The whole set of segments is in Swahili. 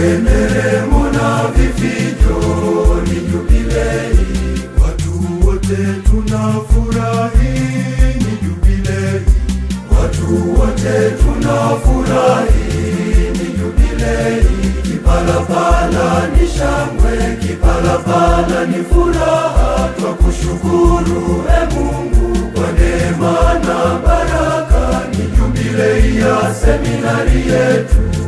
Temeremo na vifijo ni jubilei, watu wote tunafurahi, ni jubilei, watu wote tunafurahi, ni jubilei. Kipalapala ni shangwe, kipalapala ni furaha, twa kushukuru e Mungu kwa neema na baraka, ni jubilei ya seminari yetu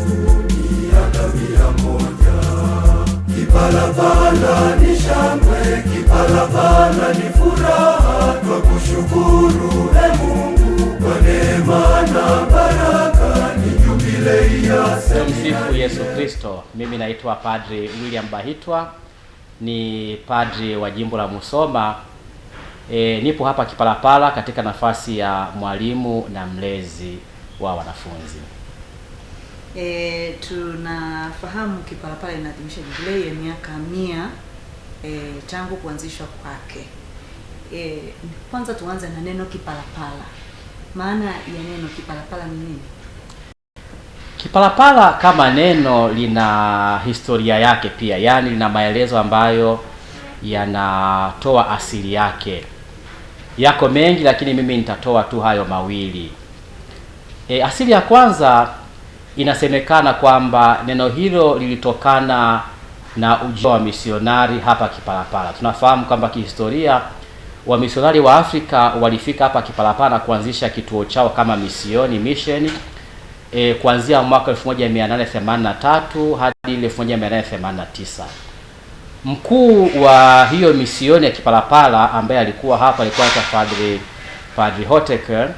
Kipalapala ni shangwe, kipalapala ni furaha, twa kushukuru e Mungu kwa neema na baraka, ni jubilei ya Seminari. Yesu Kristo. Mimi naitwa Padri William Bahitwa, ni padri wa jimbo la Musoma. E, nipo hapa Kipalapala katika nafasi ya mwalimu na mlezi wa wanafunzi. E, tunafahamu Kipalapala inaadhimisha jubilei ya miaka mia e, tangu kuanzishwa kwake. E, kwanza tuanze na neno kipalapala. Maana ya neno kipalapala ni nini? Kipalapala kama neno lina historia yake pia, yaani lina maelezo ambayo yanatoa asili yake. Yako mengi, lakini mimi nitatoa tu hayo mawili. E, asili ya kwanza Inasemekana kwamba neno hilo lilitokana na ujio wa misionari hapa Kipalapala. Tunafahamu kwamba kihistoria wamisionari wa Afrika walifika hapa Kipalapala na kuanzisha kituo chao kama misioni mission e, kuanzia mwaka 1883 hadi 1889. Mkuu wa hiyo misioni ya Kipalapala ambaye alikuwa hapa alikuwa Padre Padre Hoteker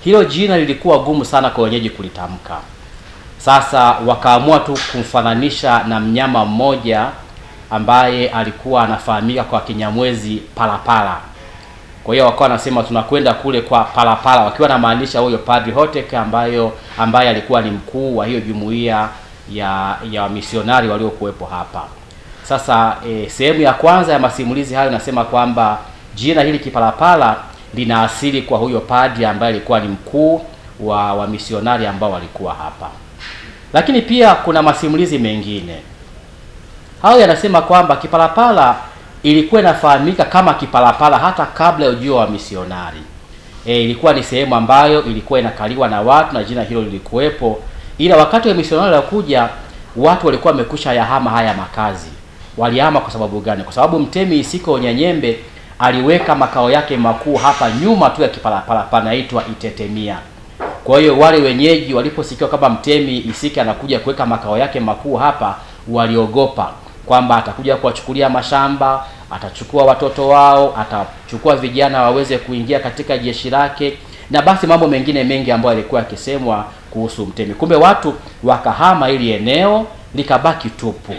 hilo jina lilikuwa gumu sana kwa wenyeji kulitamka. Sasa wakaamua tu kumfananisha na mnyama mmoja ambaye alikuwa anafahamika kwa Kinyamwezi Palapala. Kwa hiyo wakawa wanasema tunakwenda kule kwa Palapala, wakiwa namaanisha huyo Padri Hotek ambayo ambaye alikuwa ni mkuu wa hiyo jumuiya ya ya wamisionari waliokuwepo hapa. Sasa e, sehemu ya kwanza ya masimulizi hayo inasema kwamba jina hili Kipalapala lina asili kwa huyo padri ambaye alikuwa ni mkuu wa wamisionari ambao walikuwa hapa. Lakini pia kuna masimulizi mengine hayo yanasema kwamba Kipalapala ilikuwa inafahamika kama Kipalapala hata kabla ya ujio wa misionari. E, ilikuwa ni sehemu ambayo ilikuwa inakaliwa na watu na jina hilo lilikuwepo, ila wakati wa misionari walikuja, watu walikuwa wamekusha yahama haya makazi. Walihama kwa sababu gani? Kwa sababu mtemi Isiko Nyanyembe aliweka makao yake makuu hapa nyuma tu ya Kipalapala panaitwa Itetemia. Kwa hiyo wale wenyeji waliposikiwa kama mtemi Isike anakuja kuweka makao yake makuu hapa, waliogopa kwamba atakuja kuwachukulia mashamba, atachukua watoto wao, atachukua vijana waweze kuingia katika jeshi lake, na basi mambo mengine mengi ambayo yalikuwa yakisemwa kuhusu mtemi. Kumbe watu wakahama ili eneo likabaki tupu.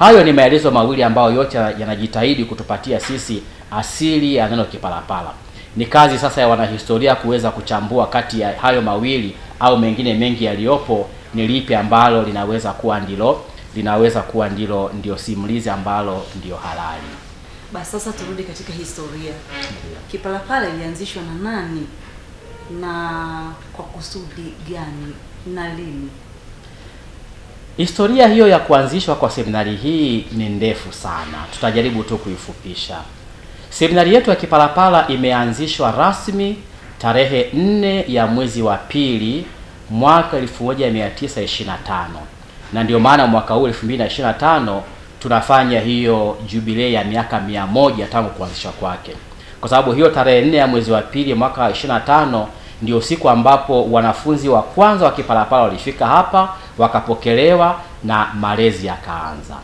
Hayo ni maelezo mawili ambayo yote yanajitahidi kutupatia sisi asili ya neno Kipalapala. Ni kazi sasa ya wanahistoria kuweza kuchambua kati ya hayo mawili au mengine mengi yaliyopo, ni lipi ambalo linaweza kuwa ndilo linaweza kuwa ndilo ndio simulizi ambalo ndio halali. Basi sasa turudi katika historia. Kipalapala ilianzishwa na nani na kwa kusudi gani na lini? Historia hiyo ya kuanzishwa kwa seminari hii ni ndefu sana, tutajaribu tu kuifupisha. Seminari yetu ya Kipalapala imeanzishwa rasmi tarehe nne ya mwezi wa pili mwaka 1925 na ndio maana mwaka huu 2025 tunafanya hiyo jubilei ya miaka mia moja tangu kuanzishwa kwake, kwa sababu hiyo tarehe nne ya mwezi wa pili mwaka 25 ndio siku ambapo wanafunzi wa kwanza wa Kipalapala walifika hapa wakapokelewa na malezi yakaanza,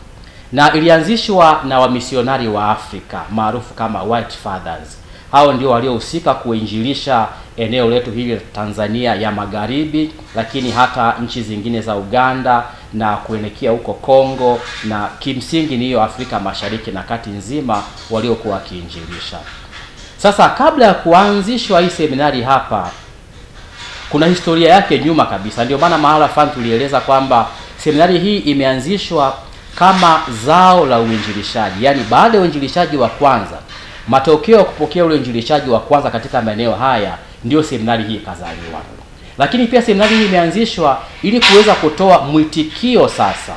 na ilianzishwa na wamisionari wa Afrika maarufu kama White Fathers. Hao ndio waliohusika kuinjilisha eneo letu hili la Tanzania ya Magharibi, lakini hata nchi zingine za Uganda na kuelekea huko Kongo, na kimsingi ni hiyo Afrika Mashariki na Kati nzima waliokuwa wakiinjilisha. Sasa kabla ya kuanzishwa hii seminari hapa kuna historia yake nyuma kabisa. Ndio maana mahala fulani tulieleza kwamba seminari hii imeanzishwa kama zao la uinjilishaji, yaani baada ya uinjilishaji wa kwanza, matokeo ya kupokea ule uinjilishaji wa kwanza katika maeneo haya, ndio seminari hii ikazaliwa. Lakini pia seminari hii imeanzishwa ili kuweza kutoa mwitikio sasa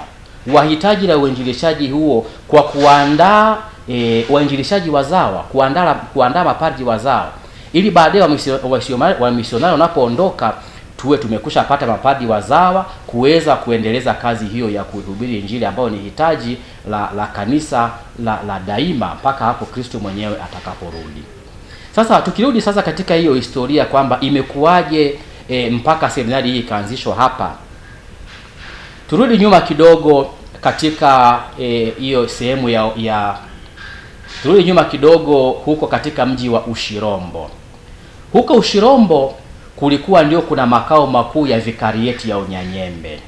wa hitaji la uinjilishaji huo kwa kuandaa e, wainjilishaji wazawa, kuandaa kuandaa mapadri wazawa ili baadaye wamisionari wanapoondoka tuwe tumekusha pata mapadi wazawa kuweza kuendeleza kazi hiyo ya kuhubiri Injili ambayo ni hitaji la, la kanisa la, la daima mpaka hapo Kristo mwenyewe atakaporudi. Sasa tukirudi sasa katika hiyo historia kwamba imekuwaje e, mpaka seminari hii ikaanzishwa hapa. Turudi nyuma kidogo katika e, hiyo e, sehemu ya, ya turudi nyuma kidogo huko katika mji wa Ushirombo huko Ushirombo kulikuwa ndio kuna makao makuu ya vikarieti ya Unyanyembe,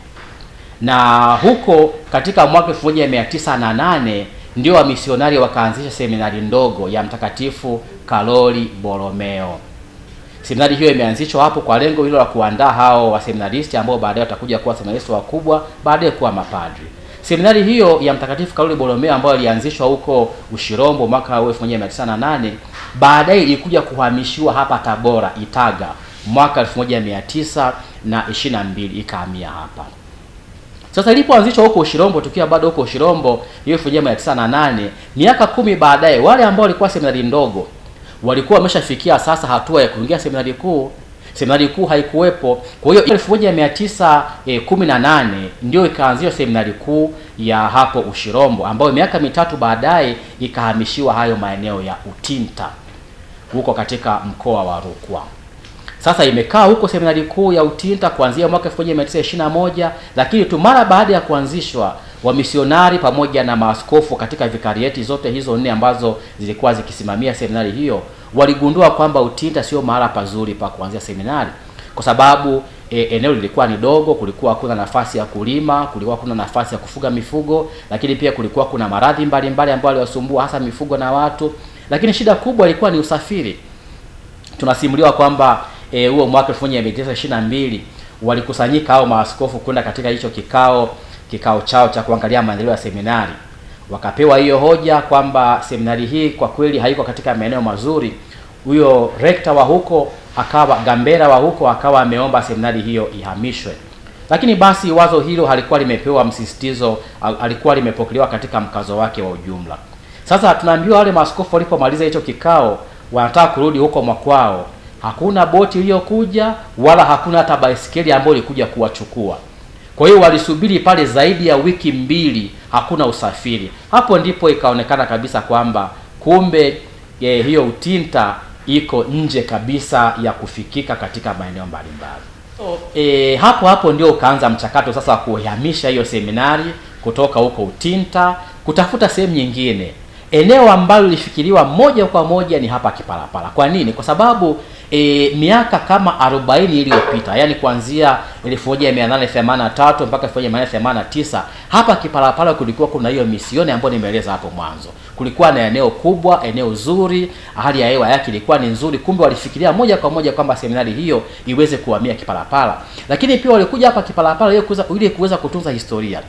na huko katika mwaka 1908 ndio wamisionari wakaanzisha seminari ndogo ya Mtakatifu Karoli Boromeo. Seminari hiyo imeanzishwa hapo kwa lengo hilo la kuandaa hao waseminaristi ambao baadaye watakuja kuwa seminaristi wakubwa, baadaye kuwa mapadri. Seminari hiyo ya Mtakatifu Karoli Boromeo ambayo ilianzishwa huko Ushirombo mwaka 1908 baadaye ilikuja kuhamishiwa hapa Tabora Itaga mwaka 1922 ikahamia hapa. Sasa ilipoanzishwa huko Ushirombo, tukiwa bado huko Ushirombo hiyo 1908, miaka kumi baadaye wale ambao walikuwa seminari ndogo walikuwa wameshafikia sasa hatua ya kuingia seminari kuu seminari kuu haikuwepo. Kwa hiyo 1918 eh, ndio ikaanzishwa seminari kuu ya hapo Ushirombo, ambayo miaka mitatu baadaye ikahamishiwa hayo maeneo ya Utinta huko katika mkoa wa Rukwa. Sasa imekaa huko seminari kuu ya Utinta kuanzia mwaka 1921, lakini tu mara baada ya kuanzishwa wamisionari pamoja na maaskofu katika vikarieti zote hizo nne ambazo zilikuwa zikisimamia seminari hiyo waligundua kwamba utinta sio mahala pazuri pa kuanzia seminari kwa sababu e, eneo lilikuwa ni dogo, kulikuwa kuna nafasi ya kulima, kulikuwa kuna nafasi ya kufuga mifugo, lakini pia kulikuwa kuna maradhi mbalimbali ambayo aliwasumbua hasa mifugo na watu, lakini shida kubwa ilikuwa ni usafiri. Tunasimuliwa kwamba e, huo e, mwaka 1922 walikusanyika hao maaskofu kwenda katika hicho kikao kikao chao cha kuangalia maendeleo ya seminari wakapewa hiyo hoja kwamba seminari hii kwa kweli haiko katika maeneo mazuri. Huyo rekta wa huko akawa Gambera wa huko akawa ameomba seminari hiyo ihamishwe, lakini basi wazo hilo halikuwa limepewa msisitizo, alikuwa limepokelewa katika mkazo wake wa ujumla. Sasa tunaambiwa wale maaskofu walipomaliza hicho kikao, wanataka kurudi huko mwakwao. Hakuna boti iliyokuja wala hakuna hata baisikeli ambayo ilikuja kuwachukua. Kwa hiyo walisubiri pale zaidi ya wiki mbili, hakuna usafiri. Hapo ndipo ikaonekana kabisa kwamba kumbe eh, hiyo Utinta iko nje kabisa ya kufikika katika maeneo mbalimbali. Oh. e, hapo hapo ndio ukaanza mchakato sasa wa kuhamisha hiyo seminari kutoka huko Utinta kutafuta sehemu nyingine eneo ambalo lilifikiriwa moja kwa moja ni hapa Kipalapala. Kwa nini? Kwa sababu e, miaka kama 40 iliyopita, yani kuanzia 1883 mpaka 1889, hapa Kipalapala kulikuwa kuna hiyo misioni ambayo nimeeleza hapo mwanzo. Kulikuwa na eneo kubwa, eneo zuri, hali ya hewa yake ilikuwa ni nzuri. Kumbe walifikiria moja kwa moja kwamba seminari hiyo iweze kuhamia Kipalapala, lakini pia walikuja hapa Kipalapala ili kuweza kutunza historia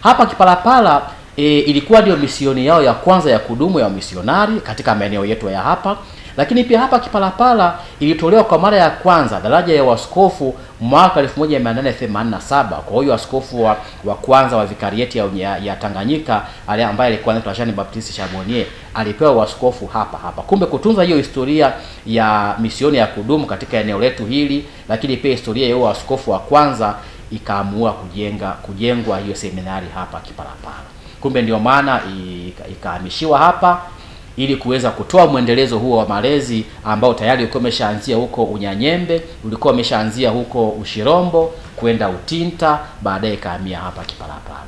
hapa Kipalapala e, ilikuwa ndio misioni yao ya kwanza ya kudumu ya misionari katika maeneo yetu ya hapa, lakini pia hapa Kipalapala ilitolewa kwa mara ya kwanza daraja ya waskofu mwaka 1887 kwa hiyo askofu wa, wa kwanza wa vikarieti ya, ya Tanganyika ali ambaye alikuwa anaitwa Jean Baptiste Charbonnier alipewa waskofu hapa hapa. Kumbe kutunza hiyo historia ya misioni ya kudumu katika eneo letu hili, lakini pia historia ya waskofu wa kwanza ikaamua kujenga kujengwa hiyo seminari hapa Kipalapala. Kumbe ndio maana ikahamishiwa hapa ili kuweza kutoa mwendelezo huo wa malezi ambao tayari ulikuwa umeshaanzia huko Unyanyembe, ulikuwa umeshaanzia huko Ushirombo kwenda Utinta, baadaye ikahamia hapa Kipalapala.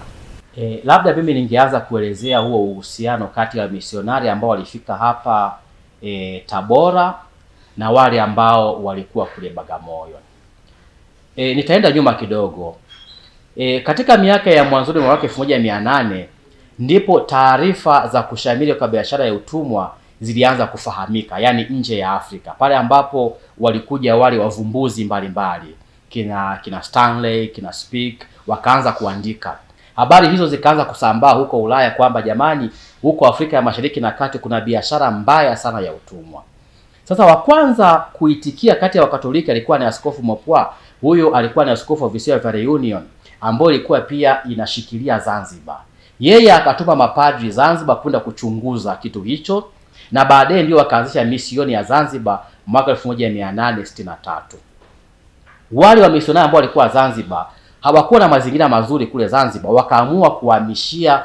E, labda mimi ningeanza kuelezea huo uhusiano kati ya misionari ambao walifika hapa e, Tabora na wale ambao walikuwa kule Bagamoyo. E, nitaenda nyuma kidogo. E, katika miaka ya mwanzoni mwa mwaka elfu moja mia nane ndipo taarifa za kushamiri kwa biashara ya utumwa zilianza kufahamika, yaani nje ya Afrika, pale ambapo walikuja wale wavumbuzi mbalimbali kina kina Stanley, kina Speke, wakaanza kuandika habari hizo, zikaanza kusambaa huko Ulaya kwamba jamani, huko Afrika ya Mashariki na Kati kuna biashara mbaya sana ya utumwa. Sasa wa kwanza kuitikia kati ya Wakatoliki alikuwa ni Askofu Mopwa. Huyo alikuwa ni askofu wa visiwa vya Reunion ambayo ilikuwa pia inashikilia Zanzibar. Yeye akatuma mapadri Zanzibar kwenda kuchunguza kitu hicho, na baadaye ndio wakaanzisha misioni ya Zanzibar mwaka 1863. Wale wamisionari ambao walikuwa Zanzibar hawakuwa na mazingira mazuri kule Zanzibar, wakaamua kuhamishia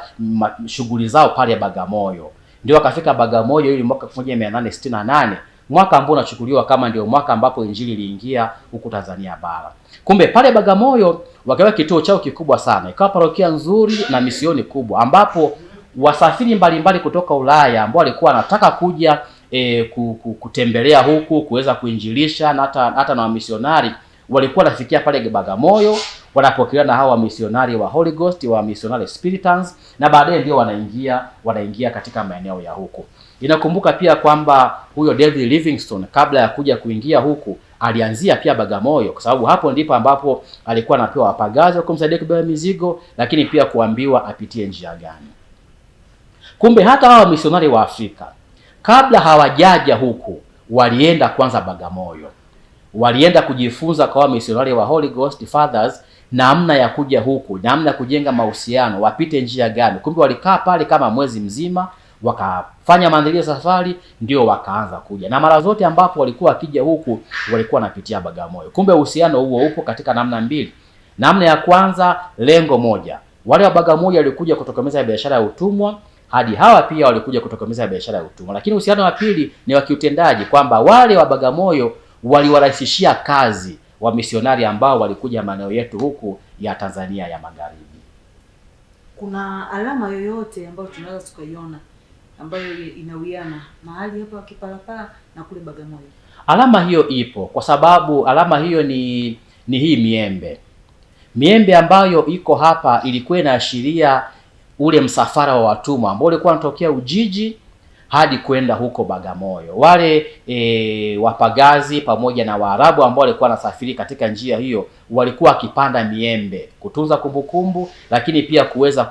shughuli zao pale Bagamoyo. Ndio wakafika Bagamoyo ili mwaka 1868 mwaka ambao unachukuliwa kama ndio mwaka ambapo injili iliingia huku Tanzania bara. Kumbe pale Bagamoyo wakawa kituo chao kikubwa sana, ikawa parokia nzuri na misioni kubwa, ambapo wasafiri mbalimbali kutoka Ulaya ambao walikuwa wanataka kuja e, kutembelea huku kuweza kuinjilisha na hata hata na wamisionari walikuwa wanafikia pale Bagamoyo, wanapokelewa na hawa wamisionari wa Holy Ghost wa Missionary Spiritans, na baadaye ndio wanaingia wanaingia katika maeneo ya huku. Inakumbuka pia kwamba huyo David Livingstone kabla ya kuja kuingia huku alianzia pia Bagamoyo, kwa sababu hapo ndipo ambapo alikuwa anapewa wapagazi kumsaidia kubeba mizigo, lakini pia kuambiwa apitie njia gani. Kumbe hata hawa misionari wa Afrika kabla hawajaja huku walienda kwanza Bagamoyo, walienda kujifunza kwa misionari wa Holy Ghost Fathers namna ya kuja huku, namna ya kujenga mahusiano, wapite njia gani. Kumbe walikaa pale kama mwezi mzima wakafanya ya safari, ndio wakaanza kuja, na mara zote ambapo walikuwa wakija huku walikuwa wanapitia Bagamoyo. Kumbe uhusiano huo upo katika namna mbili. Namna ya kwanza, lengo moja, wale wa Bagamoyo walikuja kutokomeza biashara ya utumwa hadi hawa pia walikuja kutokomeza biashara ya utumwa, lakini uhusiano wa pili ni wa kiutendaji, kwamba wale wa Bagamoyo waliwarahisishia kazi wa misionari ambao walikuja maeneo yetu huku ya Tanzania ya Magharibi. Kuna alama yoyote ambayo tunaweza tukaiona ambayo inawiana mahali hapa Kipalapala na kule Bagamoyo. Alama hiyo ipo kwa sababu alama hiyo ni ni hii miembe. Miembe ambayo iko hapa ilikuwa inaashiria ule msafara wa watumwa ambao ulikuwa unatokea Ujiji hadi kwenda huko Bagamoyo. Wale e, wapagazi pamoja na Waarabu ambao walikuwa wanasafiri katika njia hiyo walikuwa wakipanda miembe kutunza kumbukumbu, lakini pia kuweza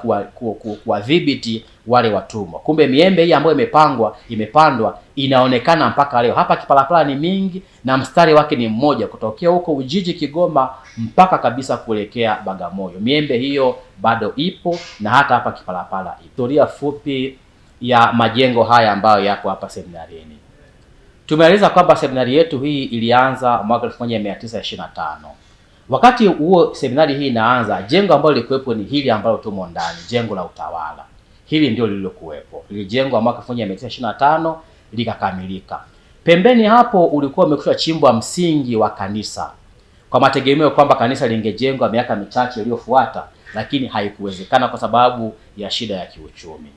kuwadhibiti wale watumwa. Kumbe miembe hii ambayo imepangwa imepandwa inaonekana mpaka leo. Hapa Kipalapala ni mingi na mstari wake ni mmoja kutokea huko Ujiji, Kigoma mpaka kabisa kuelekea Bagamoyo. Miembe hiyo bado ipo na hata hapa Kipalapala. Historia fupi ya majengo haya ambayo yako hapa seminarini. Tumeeleza kwamba seminari yetu hii ilianza mwaka 1925. Wakati huo seminari hii inaanza, jengo ambalo lilikuwepo ni hili ambalo tumo ndani, jengo la utawala. Hili ndio lililokuwepo, lilijengwa mwaka 1925 likakamilika. Pembeni hapo ulikuwa chimbo chimbwa msingi wa kanisa kwa mategemeo kwamba kanisa lingejengwa miaka michache iliyofuata, lakini haikuwezekana kwa sababu ya shida ya kiuchumi.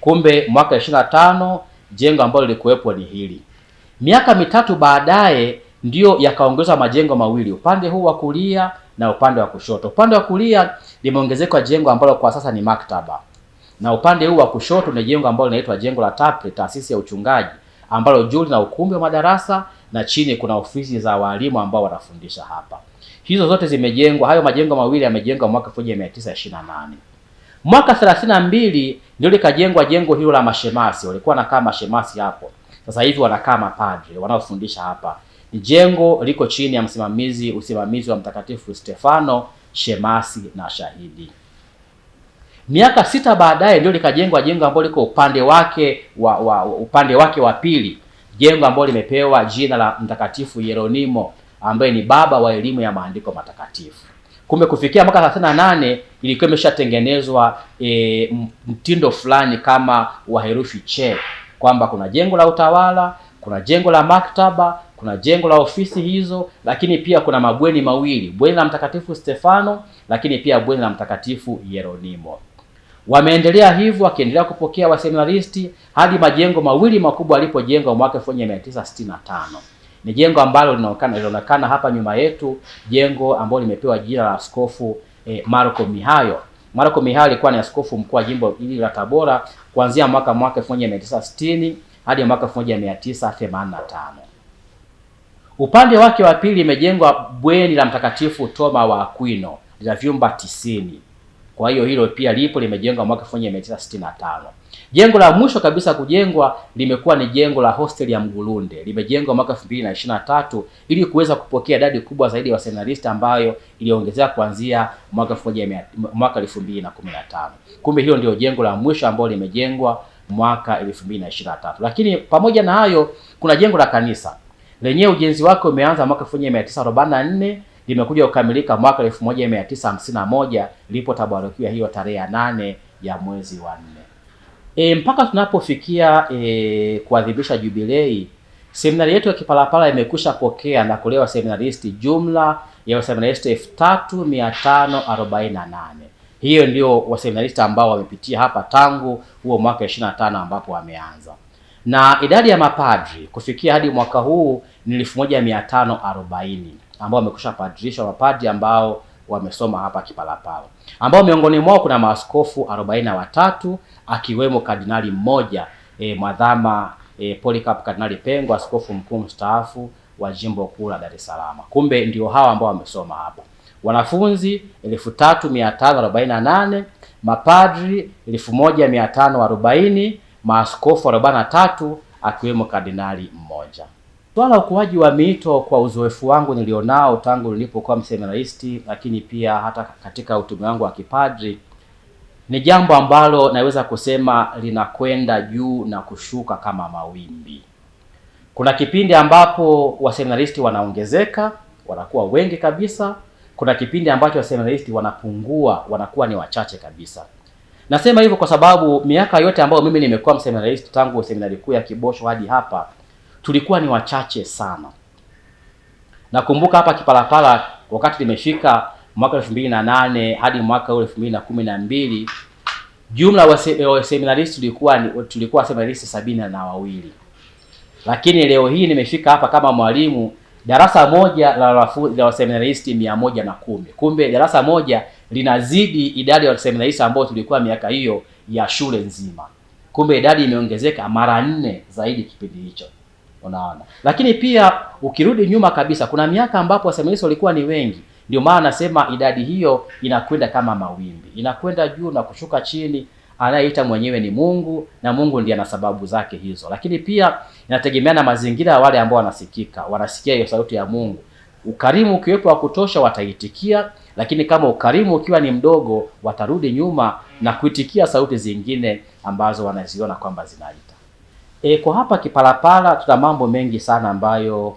Kumbe mwaka 25 jengo ambalo lilikuwepo ni hili. Miaka mitatu baadaye ndiyo yakaongezwa majengo mawili, upande huu wa kulia na upande wa kushoto. Upande wa kulia limeongezekwa jengo ambalo kwa sasa ni maktaba na upande huu wa kushoto ni jengo ambalo linaitwa jengo la TAPRE, taasisi ya uchungaji, ambalo juu lina ukumbi wa madarasa na chini kuna ofisi za walimu ambao wanafundisha hapa. Hizo zote zimejengwa, hayo majengo mawili yamejengwa mwaka 1928. Mwaka 32 ndio likajengwa jengo hilo la mashemasi, walikuwa wanakaa mashemasi hapo, sasa hivi wanakaa mapadre wanaofundisha hapa. Jengo liko chini ya msimamizi usimamizi wa Mtakatifu Stefano, shemasi na shahidi. Miaka sita baadaye ndio likajengwa jengo ambalo liko upande wake wa, wa upande wake wa pili, jengo ambalo limepewa jina la Mtakatifu Yeronimo ambaye ni baba wa elimu ya maandiko matakatifu. Kumbe kufikia mwaka nane ilikuwa imeshatengenezwa e, mtindo fulani kama wa herufi che, kwamba kuna jengo la utawala, kuna jengo la maktaba, kuna jengo la ofisi hizo, lakini pia kuna mabweni mawili, bweni la Mtakatifu Stefano, lakini pia bweni la Mtakatifu Yeronimo. Wameendelea hivyo wakiendelea kupokea waseminaristi hadi majengo mawili makubwa yalipojengwa mwaka 1965. Ni jengo ambalo linaonekana linaonekana hapa nyuma yetu, jengo ambalo limepewa jina la Askofu eh, Marco Mihayo. Marco Mihayo alikuwa ni askofu mkuu wa jimbo hili la Tabora kuanzia mwaka mwaka 1960 hadi mwaka 1985. Upande wake wa pili imejengwa bweni la Mtakatifu Toma wa Aquino lina vyumba tisini. Kwa hiyo hilo pia lipo, limejengwa mwaka 1965. Jengo la mwisho kabisa kujengwa limekuwa ni jengo la hosteli ya Mgulunde, limejengwa mwaka 2023 ili kuweza kupokea idadi kubwa zaidi ya wasenarista ambayo iliongezea kuanzia mwaka 2015. Kumbe hilo ndio jengo la mwisho ambalo limejengwa mwaka 2023. Lakini pamoja na hayo, kuna jengo la kanisa lenyewe ujenzi wake umeanza mwaka 1944 limekuja kukamilika mwaka 1951 lilipotamburikiwa hiyo tarehe ya nane ya mwezi wa nne. E, mpaka tunapofikia e, kuadhimisha jubilei, seminari yetu ya Kipalapala imekwisha pokea na kulewa seminaristi jumla ya waseminaristi elfu tatu mia tano arobaini na nane. Hiyo ndio waseminaristi ambao wamepitia hapa tangu huo mwaka 25 ambapo wameanza na idadi ya mapadri kufikia hadi mwaka huu ni elfu moja mia tano arobaini ambao wamekusha padrishwa, mapadri ambao wamesoma hapa Kipalapala, ambao miongoni mwao kuna maaskofu arobaini na watatu akiwemo kardinali mmoja e, mwadhama e, Polycarp Kardinali Pengo, askofu mkuu mstaafu wa jimbo kuu la Dar es Salaam. Kumbe ndio hawa ambao wamesoma hapa, wanafunzi elfu tatu mia tano arobaini na nane mapadri elfu moja mia tano arobaini maaskofu arobaini na tatu akiwemo kardinali mmoja. Swala ukuaji wa miito kwa uzoefu wangu nilionao tangu nilipokuwa mseminaristi, lakini pia hata katika utume wangu wa kipadri, ni jambo ambalo naweza kusema linakwenda juu na kushuka kama mawimbi. Kuna kipindi ambapo waseminaristi wanaongezeka, wanakuwa wengi kabisa. Kuna kipindi ambacho waseminaristi wanapungua, wanakuwa ni wachache kabisa. Nasema hivyo kwa sababu miaka yote ambayo mimi nimekuwa mseminaristi tangu seminari kuu ya Kibosho hadi hapa tulikuwa ni wachache sana. Nakumbuka hapa Kipalapala wakati limefika mwaka elfu mbili na nane hadi mwaka ule elfu mbili na kumi na mbili jumla wa seminaristi tulikuwa tulikuwa seminaristi sabini na wawili, lakini leo hii nimefika hapa kama mwalimu darasa moja la waseminaristi mia moja na kumi. Kumbe darasa moja linazidi idadi ya waseminaristi ambao tulikuwa miaka hiyo ya shule nzima. Kumbe idadi imeongezeka mara nne zaidi kipindi hicho. Unaona, lakini pia ukirudi nyuma kabisa, kuna miaka ambapo waseminaristi walikuwa ni wengi. Ndio maana nasema idadi hiyo inakwenda kama mawimbi, inakwenda juu na kushuka chini. Anayeita mwenyewe ni Mungu na Mungu ndiye ana sababu zake hizo, lakini pia inategemeana mazingira ya wale ambao wanasikika, wanasikia hiyo sauti ya Mungu. Ukarimu ukiwepo wa kutosha, wataitikia, lakini kama ukarimu ukiwa ni mdogo, watarudi nyuma na kuitikia sauti zingine ambazo wanaziona kwamba zinaita. E, kwa hapa Kipalapala tuna mambo mengi sana ambayo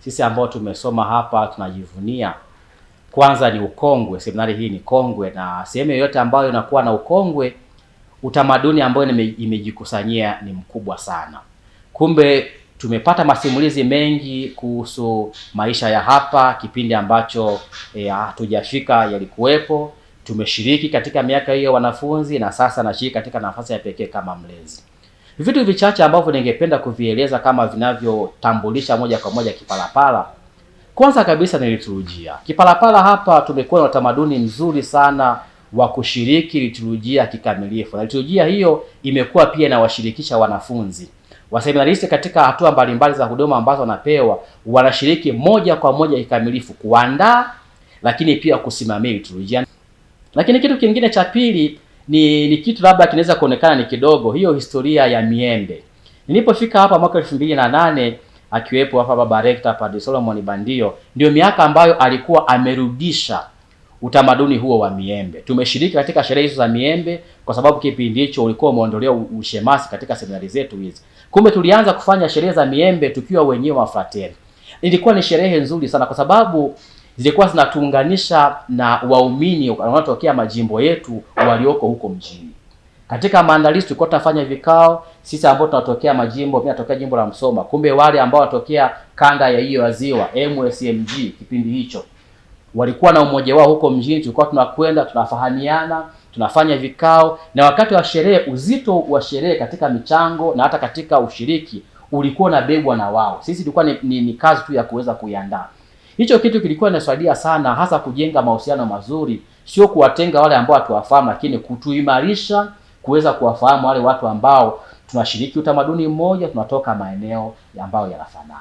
sisi ambao tumesoma hapa tunajivunia. Kwanza ni ukongwe. Seminari hii ni kongwe, na sehemu yoyote ambayo inakuwa na ukongwe, utamaduni ambayo imejikusanyia ni mkubwa sana. Kumbe tumepata masimulizi mengi kuhusu maisha ya hapa kipindi ambacho e, hatujafika e, yalikuwepo. Tumeshiriki katika miaka hiyo wanafunzi, na sasa nashiriki katika nafasi ya pekee kama mlezi. Vitu vichache ambavyo ningependa kuvieleza kama vinavyotambulisha moja kwa moja Kipalapala. Kwanza kabisa ni liturujia. Kipalapala hapa tumekuwa na utamaduni mzuri sana wa kushiriki liturujia kikamilifu, na liturujia hiyo imekuwa pia inawashirikisha wanafunzi waseminaristi katika hatua mbalimbali za huduma ambazo wanapewa, wanashiriki moja kwa moja kikamilifu kuandaa, lakini pia kusimamia liturujia. Lakini kitu kingine cha pili ni, ni kitu labda kinaweza kuonekana ni kidogo, hiyo historia ya miembe. Nilipofika hapa mwaka elfu mbili na nane akiwepo hapa baba rekta Padre Solomon Bandio, ndio miaka ambayo alikuwa amerudisha utamaduni huo wa miembe. Tumeshiriki katika sherehe hizo za miembe kwa sababu kipindi hicho ulikuwa umeondolewa ushemasi katika seminari zetu hizi. Kumbe tulianza kufanya sherehe za miembe tukiwa wenyewe mafrateri Ilikuwa ni sherehe nzuri sana kwa sababu zilikuwa zinatuunganisha na waumini wanaotokea majimbo yetu walioko huko mjini. Katika maandalizi tulikuwa tunafanya vikao sisi ambao tunatokea majimbo, mimi natokea jimbo la Msoma, kumbe wale ambao wanatokea kanda ya hiyo ya Ziwa MSMG kipindi hicho walikuwa na umoja wao huko mjini, tulikuwa tunakwenda tunafahamiana, tunafanya vikao, na wakati wa sherehe, uzito wa sherehe katika michango na hata katika ushiriki ulikuwa unabebwa na wao. Sisi ilikuwa ni, ni, ni kazi tu ya kuweza kuiandaa. Hicho kitu kilikuwa inasaidia sana, hasa kujenga mahusiano mazuri, sio kuwatenga wale ambao hatuwafahamu, lakini kutuimarisha kuweza kuwafahamu wale watu ambao tunashiriki utamaduni mmoja, tunatoka maeneo ambayo yanafanana.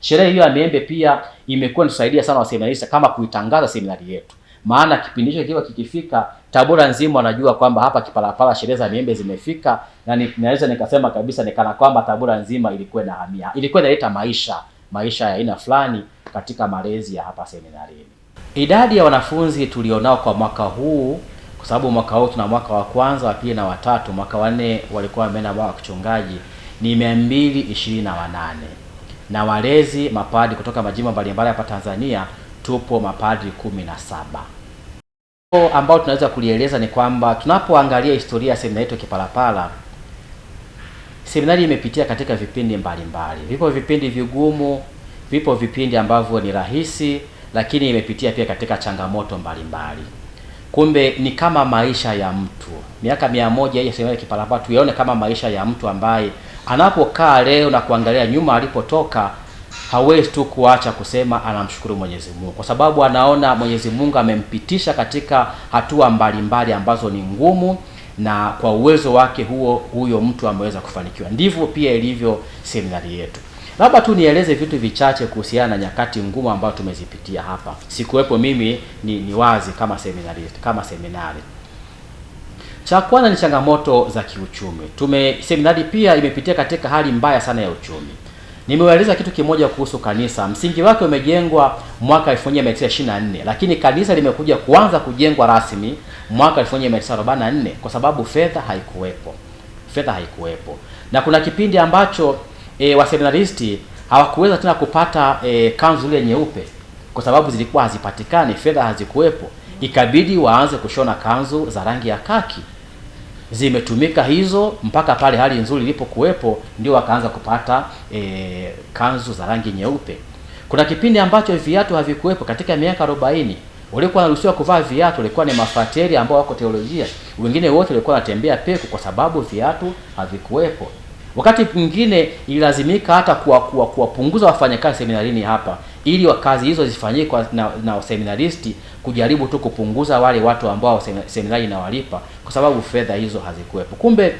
Sherehe hiyo ya miembe pia imekuwa inatusaidia sana waseminarista, kama kuitangaza seminari yetu, maana kipindi hicho kikiwa kikifika, Tabora nzima wanajua kwamba hapa Kipalapala sherehe za miembe zimefika, na ninaweza nikasema kabisa nikana kwamba Tabora nzima ilikuwa inahamia, ilikuwa inaleta maisha maisha ya aina fulani katika malezi ya hapa seminarini. Idadi ya wanafunzi tulionao kwa mwaka huu, kwa sababu mwaka huu tuna mwaka wa kwanza, wa pili na watatu, mwaka wa nne walikuwa wameenda mwaka wa kichungaji, ni mia mbili ishirini na wanane na walezi mapadri kutoka majimbo mbalimbali hapa Tanzania tupo mapadri kumi na saba ambao tunaweza kulieleza ni kwamba tunapoangalia historia ya seminari yetu Kipalapala Seminari imepitia katika vipindi mbalimbali. Vipo vipindi vigumu, vipo vipindi ambavyo ni rahisi, lakini imepitia pia katika changamoto mbalimbali. Kumbe ni kama maisha ya mtu. Miaka mia moja ya seminari Kipalapala tuyaone kama maisha ya mtu ambaye anapokaa leo na kuangalia nyuma alipotoka, hawezi tu kuacha kusema anamshukuru Mwenyezi Mungu, kwa sababu anaona Mwenyezi Mungu amempitisha katika hatua mbalimbali ambazo ni ngumu na kwa uwezo wake huo huyo mtu ameweza kufanikiwa. Ndivyo pia ilivyo seminari yetu. Labda tu nieleze vitu vichache kuhusiana na nyakati ngumu ambazo tumezipitia hapa. Sikuwepo mimi, ni, ni wazi kama seminari, kama seminari. Cha kwanza ni changamoto za kiuchumi. Tume seminari pia imepitia katika hali mbaya sana ya uchumi. Nimewaeleza kitu kimoja kuhusu kanisa. Msingi wake umejengwa mwaka 1924 lakini kanisa limekuja kuanza kujengwa rasmi mwaka 1944 kwa sababu fedha haikuwepo, fedha haikuwepo, na kuna kipindi ambacho e, waseminaristi hawakuweza tena kupata e, kanzu ile nyeupe kwa sababu zilikuwa hazipatikani, fedha hazikuwepo, ikabidi waanze kushona kanzu za rangi ya kaki. Zimetumika hizo mpaka pale hali nzuri ilipokuwepo, ndio wakaanza kupata e, kanzu za rangi nyeupe. Kuna kipindi ambacho viatu havikuwepo katika miaka arobaini. Walikuwa wanaruhusiwa kuvaa viatu walikuwa ni mafateri ambao wako teolojia, wengine wote walikuwa wanatembea peku kwa sababu viatu havikuwepo. Wakati mwingine ililazimika hata kuwapunguza kuwa, kuwa wafanyakazi seminarini hapa ili kazi hizo zifanyike na, na seminaristi kujaribu tu kupunguza wale watu ambao seminari inawalipa kwa sababu fedha hizo hazikuwepo. Kumbe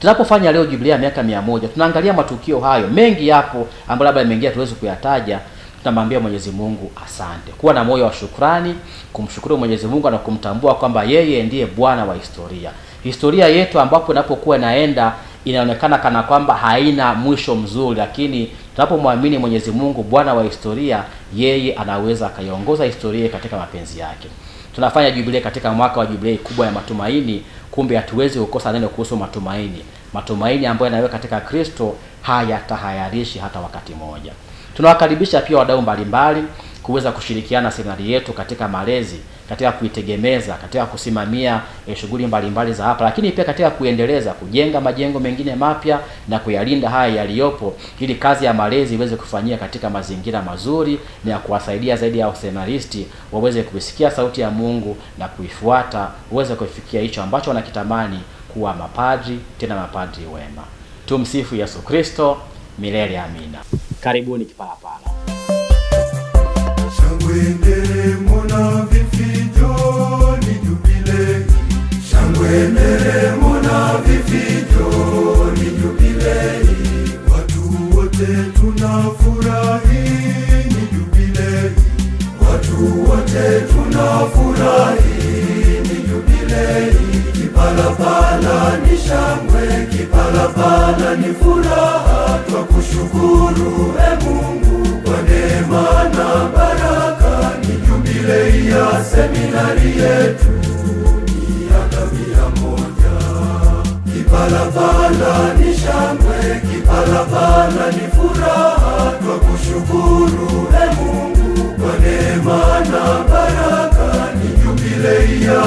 tunapofanya leo jubilei ya miaka mia moja tunaangalia matukio hayo mengi, yapo ambayo labda imeingia tuwezi kuyataja, tunamwambia Mwenyezi Mungu asante, kuwa na moyo wa shukrani, kumshukuru Mwenyezi Mungu na kumtambua kwamba yeye ndiye Bwana wa historia. Historia yetu ambapo inapokuwa inaenda inaonekana kana kwamba haina mwisho mzuri, lakini tunapomwamini Mwenyezi Mungu Bwana wa historia, yeye anaweza akaiongoza historia katika mapenzi yake. Tunafanya jubilei katika mwaka wa jubilei kubwa ya matumaini, kumbe hatuwezi kukosa neno kuhusu matumaini. Matumaini ambayo yanawe katika Kristo hayatahayarishi hata wakati mmoja. Tunawakaribisha pia wadau mbalimbali kuweza kushirikiana seminari yetu katika malezi, katika kuitegemeza, katika kusimamia eh, shughuli mbalimbali za hapa, lakini pia katika kuendeleza, kujenga majengo mengine mapya na kuyalinda haya yaliyopo, ili kazi ya malezi iweze kufanyia katika mazingira mazuri na ya kuwasaidia zaidi ya seminaristi waweze kuisikia sauti ya Mungu na kuifuata, waweze kufikia hicho ambacho wanakitamani kuwa mapadri, tena mapadri wema. Tumsifu Yesu Kristo, milele amina. Karibuni Kipalapala. Shangwe ndere mona vifijo Maana ni furaha twakushukuru, e Mungu, kwa neema na baraka ni jubilei